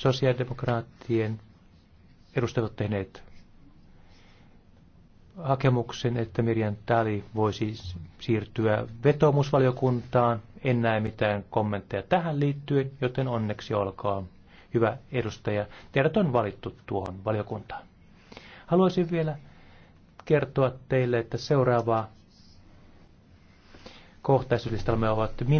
sosiaalidemokraattien edustajat ovat tehneet hakemuksen, että Mirjan Tali voisi siirtyä vetoomusvaliokuntaan. En näe mitään kommentteja tähän liittyen, joten onneksi olkaa hyvä edustaja. Teidät on valittu tuohon valiokuntaan. Haluaisin vielä kertoa teille, että seuraavaa kohtaisuuslistalla me ovat minun